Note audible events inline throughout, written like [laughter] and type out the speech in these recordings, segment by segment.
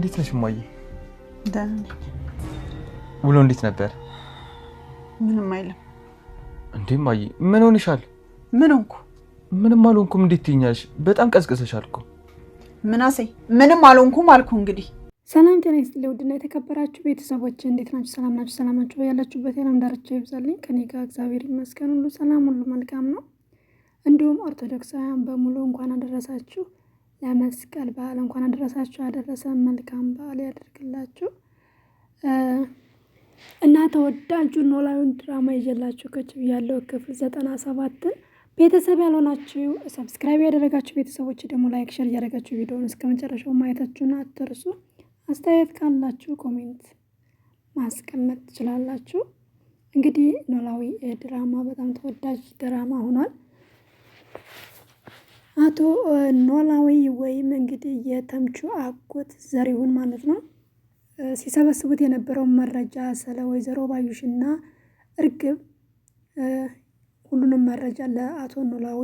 እንዴት ነሽ እማዬ? ደህና ውሎ እንዴት ነበር? ምንም አይልም። እንዴ እማዬ ምን ሆንሻል? ምን ሆንኩ? ምንም አልሆንኩም። እንዴት ትይኛለሽ? በጣም ቀዝቅዘሻል እኮ ምናሴ። ምንም አልሆንኩም አልኩ እንግዲህ ሰላም ጤና ይስጥልኝ። ውድና የተከበራችሁ ቤተሰቦች እንዴት ናችሁ? ሰላም ናችሁ? ናችሁ? በያላችሁበት የዓለም ዳርቻ ይብዛልኝ። ከኔ ጋር እግዚአብሔር ይመስገን ሁሉ ሰላም፣ ሁሉ መልካም ነው። እንዲሁም ኦርቶዶክሳውያን በሙሉ እንኳን አደረሳችሁ ለመስቀል በዓል እንኳን አደረሳችሁ አደረሰን። መልካም በዓል ያደርግላችሁ እና ተወዳጁ ኖላዊን ድራማ ይዤላችሁ ከች ያለው ክፍል ዘጠና ሰባትን ቤተሰብ ያልሆናችሁ ሰብስክራይብ ያደረጋችሁ ቤተሰቦች ደግሞ ላይክ፣ ሸር እያደረጋችሁ ቪዲዮን እስከ መጨረሻው ማየታችሁን አትርሱ። አስተያየት ካላችሁ ኮሜንት ማስቀመጥ ትችላላችሁ። እንግዲህ ኖላዊ ድራማ በጣም ተወዳጅ ድራማ ሆኗል። አቶ ኖላዊ ወይም እንግዲህ የተምቹ አጎት ዘሪሁን ማለት ነው ሲሰበስቡት የነበረውን መረጃ ስለ ወይዘሮ እና እርግብ ሁሉንም መረጃ ለአቶ ኖላዊ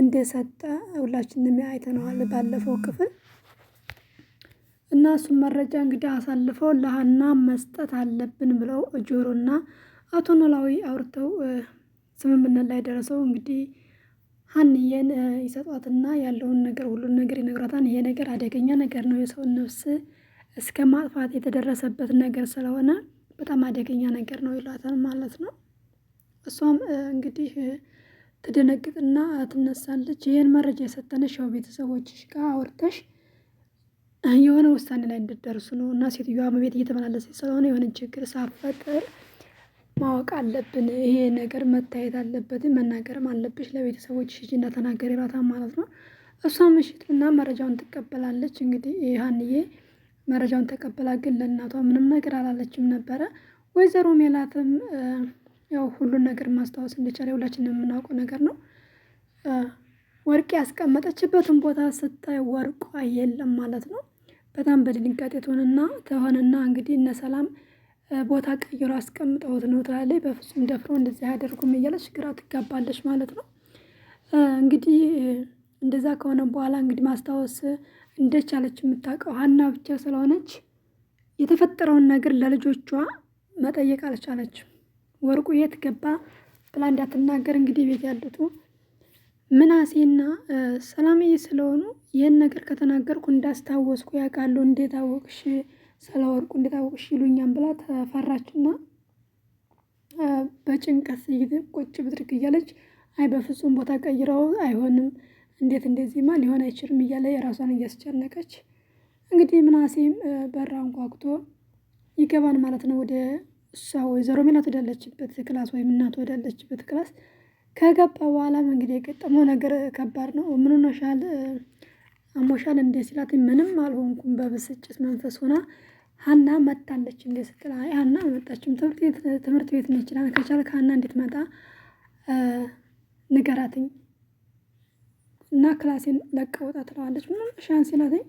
እንደሰጠ ሁላችንም አይተነዋል ባለፈው ክፍል እና እሱን መረጃ እንግዲህ አሳልፈው ለሀና መስጠት አለብን ብለው ጆሮና አቶ ኖላዊ አውርተው ስምምነት ላይ ደረሰው እንግዲህ ሀንዬን ይሰጧትና ያለውን ነገር ሁሉን ነገር ይነግራታል። ይሄ ነገር አደገኛ ነገር ነው፣ የሰውን ነፍስ እስከ ማጥፋት የተደረሰበት ነገር ስለሆነ በጣም አደገኛ ነገር ነው ይሏታል ማለት ነው። እሷም እንግዲህ ትደነግጥና ትነሳለች። ይህን መረጃ የሰጠንሽ ያው ቤተሰቦችሽ ጋር አውርተሽ የሆነ ውሳኔ ላይ እንድደርሱ ነው እና ሴትዮዋ በቤት እየተመላለሰች ስለሆነ የሆነ ችግር ሳፈጥር ማወቅ አለብን ይሄ ነገር መታየት አለበት መናገርም አለብሽ ለቤተሰቦችሽ ሂጂና ተናገሪ ይላታል ማለት ነው። እሷ ምሽት እና መረጃውን ትቀበላለች እንግዲህ ሀንዬ መረጃውን ተቀበላ ግን ለእናቷ ምንም ነገር አላለችም ነበረ። ወይዘሮ ሜላትም ያው ሁሉን ነገር ማስታወስ እንደቻለ ሁላችንም የምናውቀው ነገር ነው። ወርቅ ያስቀመጠችበትን ቦታ ስታይ ወርቋ የለም ማለት ነው። በጣም በድንጋጤ ትሆንና ተሆንና እንግዲህ እነ ሰላም ቦታ ቀይሮ አስቀምጠውት ነው ትላለች። በፍጹም ደፍሮ እንደዚህ አያደርጉም እያለች ግራ ትጋባለች ማለት ነው። እንግዲህ እንደዛ ከሆነ በኋላ እንግዲህ ማስታወስ እንደቻለች የምታውቀው ሀና ብቻ ስለሆነች የተፈጠረውን ነገር ለልጆቿ መጠየቅ አልቻለችም። ወርቁ የት ገባ ብላ እንዳትናገር እንግዲህ ቤት ያሉት ምናሴና ሰላምዬ ስለሆኑ ይህን ነገር ከተናገርኩ እንዳስታወስኩ ያውቃሉ። እንዴት አወቅሽ? ስለ ወርቁ እንድታወቅሽ ይሉኛም ብላ ተፈራችና በጭንቀት ቁጭ ብድርግ እያለች አይ በፍጹም ቦታ ቀይረው አይሆንም፣ እንዴት እንደዚህማ ሊሆን አይችልም እያለ የራሷን እያስጨነቀች እንግዲህ ምናሴም በራን ኳኩቶ ይገባን ማለት ነው። ወደ እሷ ወይዘሮ ሜላት ወዳለችበት ክላስ ወይም እናት ወዳለችበት ክላስ ከገባ በኋላም እንግዲህ የገጠመው ነገር ከባድ ነው። ምን ሆነሻል? አሞሻል እንደ ሲላት ምንም አልሆንኩም በብስጭት መንፈስ ሆና ሀና መታለች እንዴ ስትል አይ ሀና አልመጣችም ትምህርት ቤት ነች ይችላል ከቻልክ ሀና እንድትመጣ ንገራትኝ እና ክላሴን ለቀ ውጣ ትለዋለች። ምንም ሻን ሲላትኝ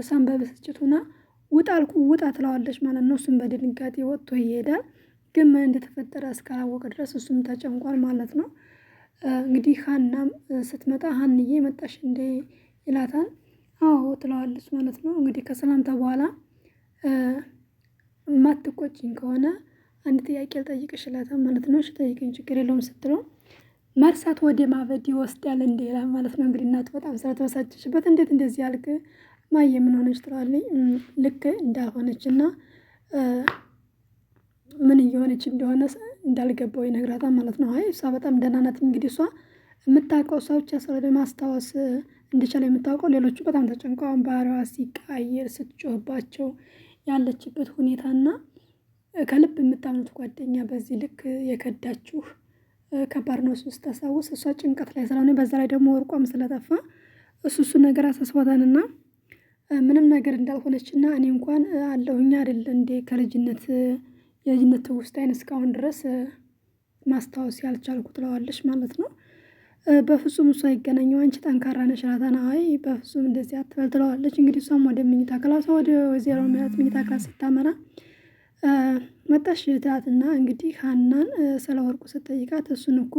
እሷን በብስጭት ሆና ውጣ አልኩ ውጣ ትለዋለች ማለት ነው። እሱም በድንጋጤ ወጥቶ ይሄዳል። ግን ምን እንደተፈጠረ እስካላወቀ ድረስ እሱም ተጨንቋል ማለት ነው። እንግዲህ ሀናም ስትመጣ ሀንዬ መጣሽ እንደ ይላታል። አዎ ትለዋለች ማለት ነው። እንግዲህ ከሰላምታ በኋላ ማትቆጭኝ ከሆነ አንድ ጥያቄ ልጠይቅሽ እላታለሁ ማለት ነው። እሺ ችግር የለውም ስትለው መርሳት ወደ ማበድ ይወስዳል እንዴ ይላል ማለት ነው። እንግዲህ እናቱ በጣም ስለተበሳጨችበት እንዴት እንደዚህ ያልክ ማየ ምን ሆነች ትለዋለች። ልክ እንዳልሆነች እና ምን እየሆነች እንደሆነ እንዳልገባው ይነግራታል ማለት ነው። አይ እሷ በጣም ደህና ናት እንግዲህ እሷ የምታውቀው እሷ ብቻ ማስታወስ እንደቻለ የምታውቀው ሌሎቹ በጣም ተጨንቀዋን ባህሪዋ ሲቀያየር ስትጮህባቸው ያለችበት ሁኔታና ከልብ የምታምኑት ጓደኛ በዚህ ልክ የከዳችሁ ከባድ ነው። እሱ ስታስታውስ እሷ ጭንቀት ላይ ስለሆነ በዛ ላይ ደግሞ ወርቋም ስለጠፋ እሱ እሱ ነገር አሳስቧታንና ምንም ነገር እንዳልሆነችና እኔ እንኳን አለሁኛ አይደል እንዴ ከልጅነት የልጅነት ትውስታዬን እስካሁን ድረስ ማስታወስ ያልቻልኩ ትለዋለች ማለት ነው። በፍጹም እሷ አይገናኘው አንቺ ጠንካራ ነሽ እላታና አይ በፍጹም እንደዚህ አትበል ትለዋለች። እንግዲህ እሷም ወደ ምኝታ ክላሷ ወደ ወይዘሮ ምህረት ምኝታ ክላስ ስታመራ መጣሽ ትላትና እንግዲህ ሀናን ስለ ወርቁ ስትጠይቃት እሱን እኮ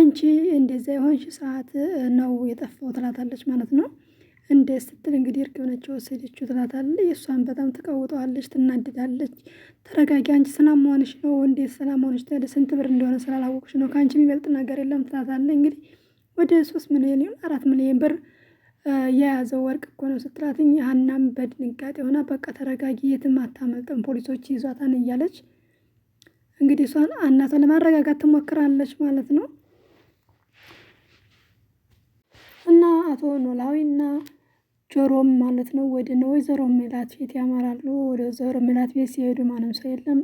አንቺ እንደዚያ የሆንሽ ሰዓት ነው የጠፋው ትላታለች ማለት ነው። እንደ ስትል እንግዲህ እርግብ ነች የወሰደችው ትላታለች። የእሷን በጣም ትቀውጠዋለች፣ ትናድዳለች። ተረጋጊ አንቺ ሰላም መሆንሽ ነው እንዴት ሰላም መሆንሽ ታዲያ ስንት ብር እንደሆነ ስላላወቅሽ ነው ከአንቺ የሚበልጥ ነገር የለም ትላታለች። እንግዲህ ወደ ሶስት ሚሊዮን አራት ሚሊዮን ብር የያዘው ወርቅ እኮ ነው ስትላትኝ ሀናም በድንጋጤ ሆና በቃ ተረጋጊ፣ የትም አታመልጥም፣ ፖሊሶች ይዟታን እያለች እንግዲህ እሷን አናቷን ለማረጋጋት ትሞክራለች ማለት ነው። አቶ ኖላዊና ጆሮም ማለት ነው ወደ እነ ወይዘሮ ሜላት ቤት ያመራሉ። ወደ ወይዘሮ ሜላት ቤት ሲሄዱ ማንም ሰው የለም።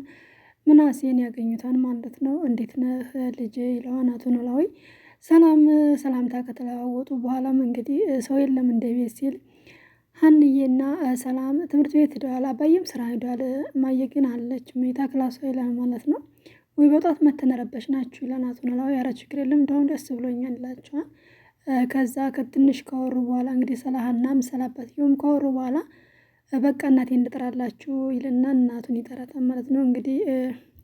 ምናሴን ያገኙታል ማለት ነው። እንዴት ነህ ልጅ ይለዋን አቶ ኖላዊ። ሰላም ሰላምታ ከተለዋወጡ በኋላም እንግዲህ ሰው የለም እንደ ቤት ሲል ሀንዬና ሰላም ትምህርት ቤት ሄደዋል። አባዬም ስራ ሄደዋል። እማዬ ግን አለች መኝታ ክላሷ ይላል ማለት ነው። ወይ በጧት መተነረበች ናችሁ ይላል አቶ ኖላዊ። ኧረ ችግር የለም እንደውም ደስ ብሎኛል ይላቸዋል። ከዛ ከትንሽ ካወሩ በኋላ እንግዲህ ስለ ሀናም ስለ ካወሩ በኋላ በቃ እናቴን ልጥራላችሁ ይልና እናቱን ይጠራታል ማለት ነው። እንግዲህ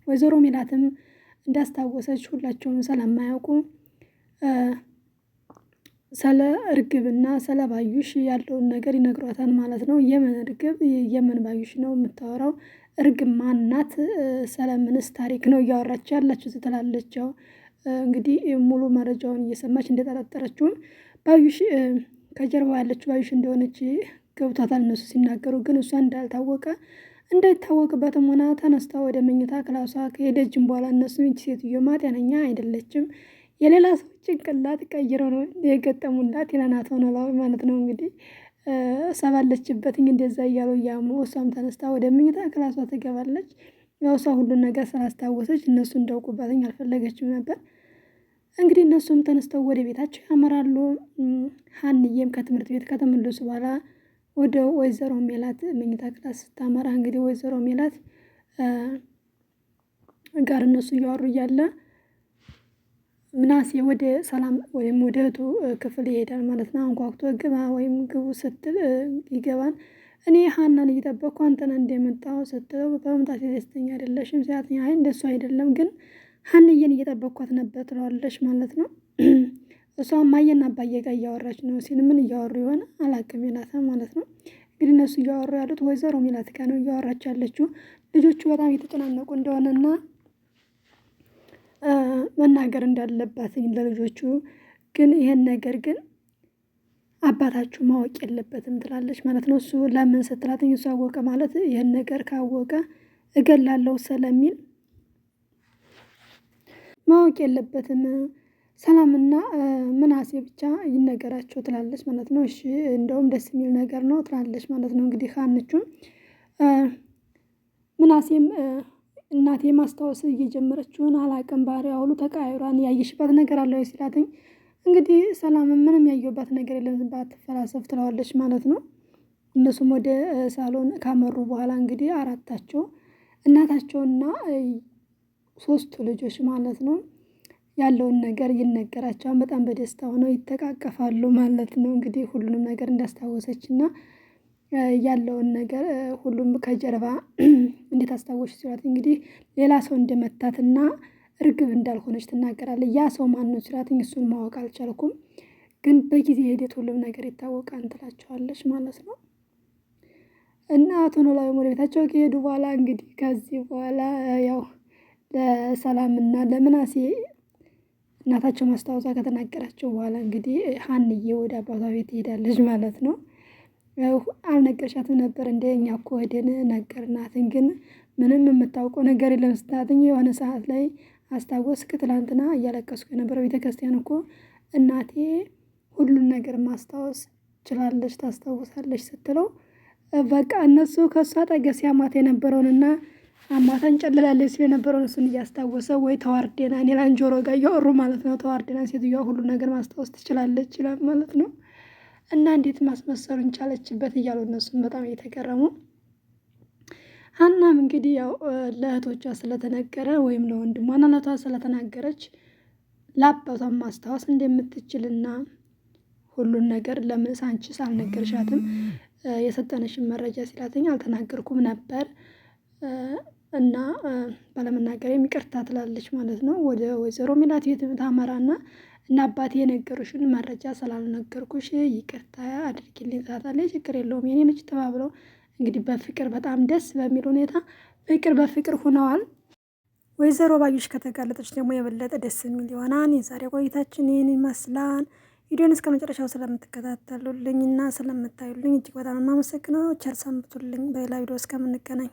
ወይዘሮ ሜላትም እንዳስታወሰች ሁላቸውም ስለማያውቁ ስለ እርግብና ስለ ባዩሽ ያለውን ነገር ይነግሯታል ማለት ነው። የምን እርግብ የምን ባዩሽ ነው የምታወራው? እርግብ ማናት? ስለምንስ ታሪክ ነው እያወራች ያላችሁ ትላለች። እንግዲህ ሙሉ መረጃውን እየሰማች እንደጠረጠረችውም ባዩሽ ከጀርባ ያለችው ባዩሽ እንደሆነች ገብቷታል። እነሱ ሲናገሩ ግን እሷ እንዳልታወቀ እንዳይታወቅበትም ሆና ተነስታ ወደ መኝታ ክላሷ ከሄደችም በኋላ እነሱ ይቺ ሴትዮ ጤነኛ አይደለችም፣ የሌላ ሰው ጭንቅላት ቀይረው ነው የገጠሙላት ይለናት ሆነላዊ ማለት ነው እንግዲህ ሰባለችበት እንደዛ እያሉ እያሙ እሷም ተነስታ ወደ መኝታ ክላሷ ትገባለች። ያው እሷ ሁሉን ነገር ስላስታወሰች እነሱ እንዳውቁባትኝ አልፈለገችም ነበር። እንግዲህ እነሱም ተነስተው ወደ ቤታቸው ያመራሉ። ሀንዬም ከትምህርት ቤት ከተመለሱ በኋላ ወደ ወይዘሮ ሜላት መኝታ ክላስ ስታመራ እንግዲህ ወይዘሮ ሜላት ጋር እነሱ እያወሩ እያለ ምናሴ ወደ ሰላም ወይም ወደ እህቱ ክፍል ይሄዳል ማለት ነው። አንኳኩቶ ግባ ወይም ግቡ ስትል ይገባል። እኔ ሀናን እየጠበቅኩ አንተን እንደመጣው ስትለው በመምጣት ደስተኛ አይደለሽም ሲላት፣ አይ እንደሱ አይደለም ግን ሀንዬን እየጠበቅኳት ነበር ትለዋለች ማለት ነው። [clears throat] እሷ ማየና አባዬ ጋር እያወራች ነው ሲል ምን እያወሩ የሆነ አላቅም ይላታል ማለት ነው። እንግዲህ እነሱ እያወሩ ያሉት ወይዘሮ ሚላት ጋር ነው እያወራች ያለችው። ልጆቹ በጣም የተጨናነቁ እንደሆነና [clears throat] መናገር እንዳለባት ለልጆቹ ግን ይሄን ነገር ግን አባታችሁ ማወቅ የለበትም ትላለች ማለት ነው። እሱ ለምን ስትላት እሱ አወቀ ማለት ይህን ነገር ካወቀ እገላለሁ ስለሚል ማወቅ የለበትም ሰላምና ምናሴ ብቻ ይነገራቸው ትላለች ማለት ነው። እሺ እንደውም ደስ የሚል ነገር ነው ትላለች ማለት ነው። እንግዲህ ምን ምናሴም እናቴ ማስታወስ እየጀመረችውን አላቅም ባህሪ አውሉ ተቃይሯን ያየሽበት ነገር አለው ሲላትኝ እንግዲህ ሰላም ምንም ያየሁባት ነገር የለም ዝም ብላ ትለዋለች ማለት ነው። እነሱም ወደ ሳሎን ካመሩ በኋላ እንግዲህ አራታቸው እናታቸውና ሶስቱ ልጆች ማለት ነው ያለውን ነገር ይነገራቸዋል። በጣም በደስታ ሆነው ይተቃቀፋሉ ማለት ነው። እንግዲህ ሁሉንም ነገር እንዳስታወሰች እና ያለውን ነገር ሁሉም ከጀርባ እንዴት አስታወሽ ሲሏት እንግዲህ ሌላ ሰው እንደመታትና እርግብ እንዳልሆነች ትናገራለች። ያ ሰው ማን ነው ሲላትኝ እሱን ማወቅ አልቻልኩም፣ ግን በጊዜ ሂደት ሁሉም ነገር ይታወቃል ትላቸዋለች ማለት ነው። እና አቶ ኖላዊም ወደ ቤታቸው ከሄዱ በኋላ እንግዲህ ከዚህ በኋላ ያው ለሰላምና ለምናሴ እናታቸው ማስታወሳ ከተናገራቸው በኋላ እንግዲህ ሀንዬ ወደ አባቷ ቤት ትሄዳለች ማለት ነው። አልነገርሻትም ነበር እንደ እኛ እኮ ሄደን ነገርናትን፣ ግን ምንም የምታውቀው ነገር የለም የሆነ ሰዓት ላይ አስታወስክ ትላንትና እያለቀስኩ የነበረው ቤተክርስቲያን እኮ እናቴ ሁሉን ነገር ማስታወስ ችላለች ታስታውሳለች ስትለው በቃ እነሱ ከእሱ አጠገብ ሲያማት የነበረውንና አማታን ጨልላለች ሲል የነበረውን እሱን እያስታወሰ ወይ ተዋርዴና ኔላን ጆሮ ጋር እያወሩ ማለት ነው። ተዋርዴና ሴትዮዋ ሁሉ ነገር ማስታወስ ትችላለች ይላል ማለት ነው። እና እንዴት ማስመሰሉን ቻለችበት እያሉ እነሱም በጣም እየተገረሙ ሀናም እንግዲህ ያው ለእህቶቿ ስለተነገረ ወይም ለወንድሟና ለእህቷ ስለተናገረች ለአባቷን ማስታወስ እንደምትችልና ሁሉን ነገር ለምን ሳንቺስ አልነገርሻትም የሰጠነሽን መረጃ ሲላትኝ አልተናገርኩም ነበር እና ባለመናገር ይቅርታ ትላለች ማለት ነው። ወደ ወይዘሮ ሜላት ቤት ታመራና እና አባቴ የነገሩሽን መረጃ ስላልነገርኩሽ ይቅርታ አድርጊልኝ ትላታለች። ችግር የለውም የኔ ልጅ ተባብለው እንግዲህ በፍቅር በጣም ደስ በሚል ሁኔታ ፍቅር በፍቅር ሆነዋል። ወይዘሮ ባዩሽ ከተጋለጠች ደግሞ የበለጠ ደስ የሚል ይሆናል። የዛሬ ቆይታችን ይህን ይመስላል። ቪዲዮን እስከ መጨረሻው ስለምትከታተሉልኝ እና ስለምታዩልኝ እጅግ በጣም የማመሰግነው። ቸር ሰንብቱልኝ። በሌላ ቪዲዮ እስከምንገናኝ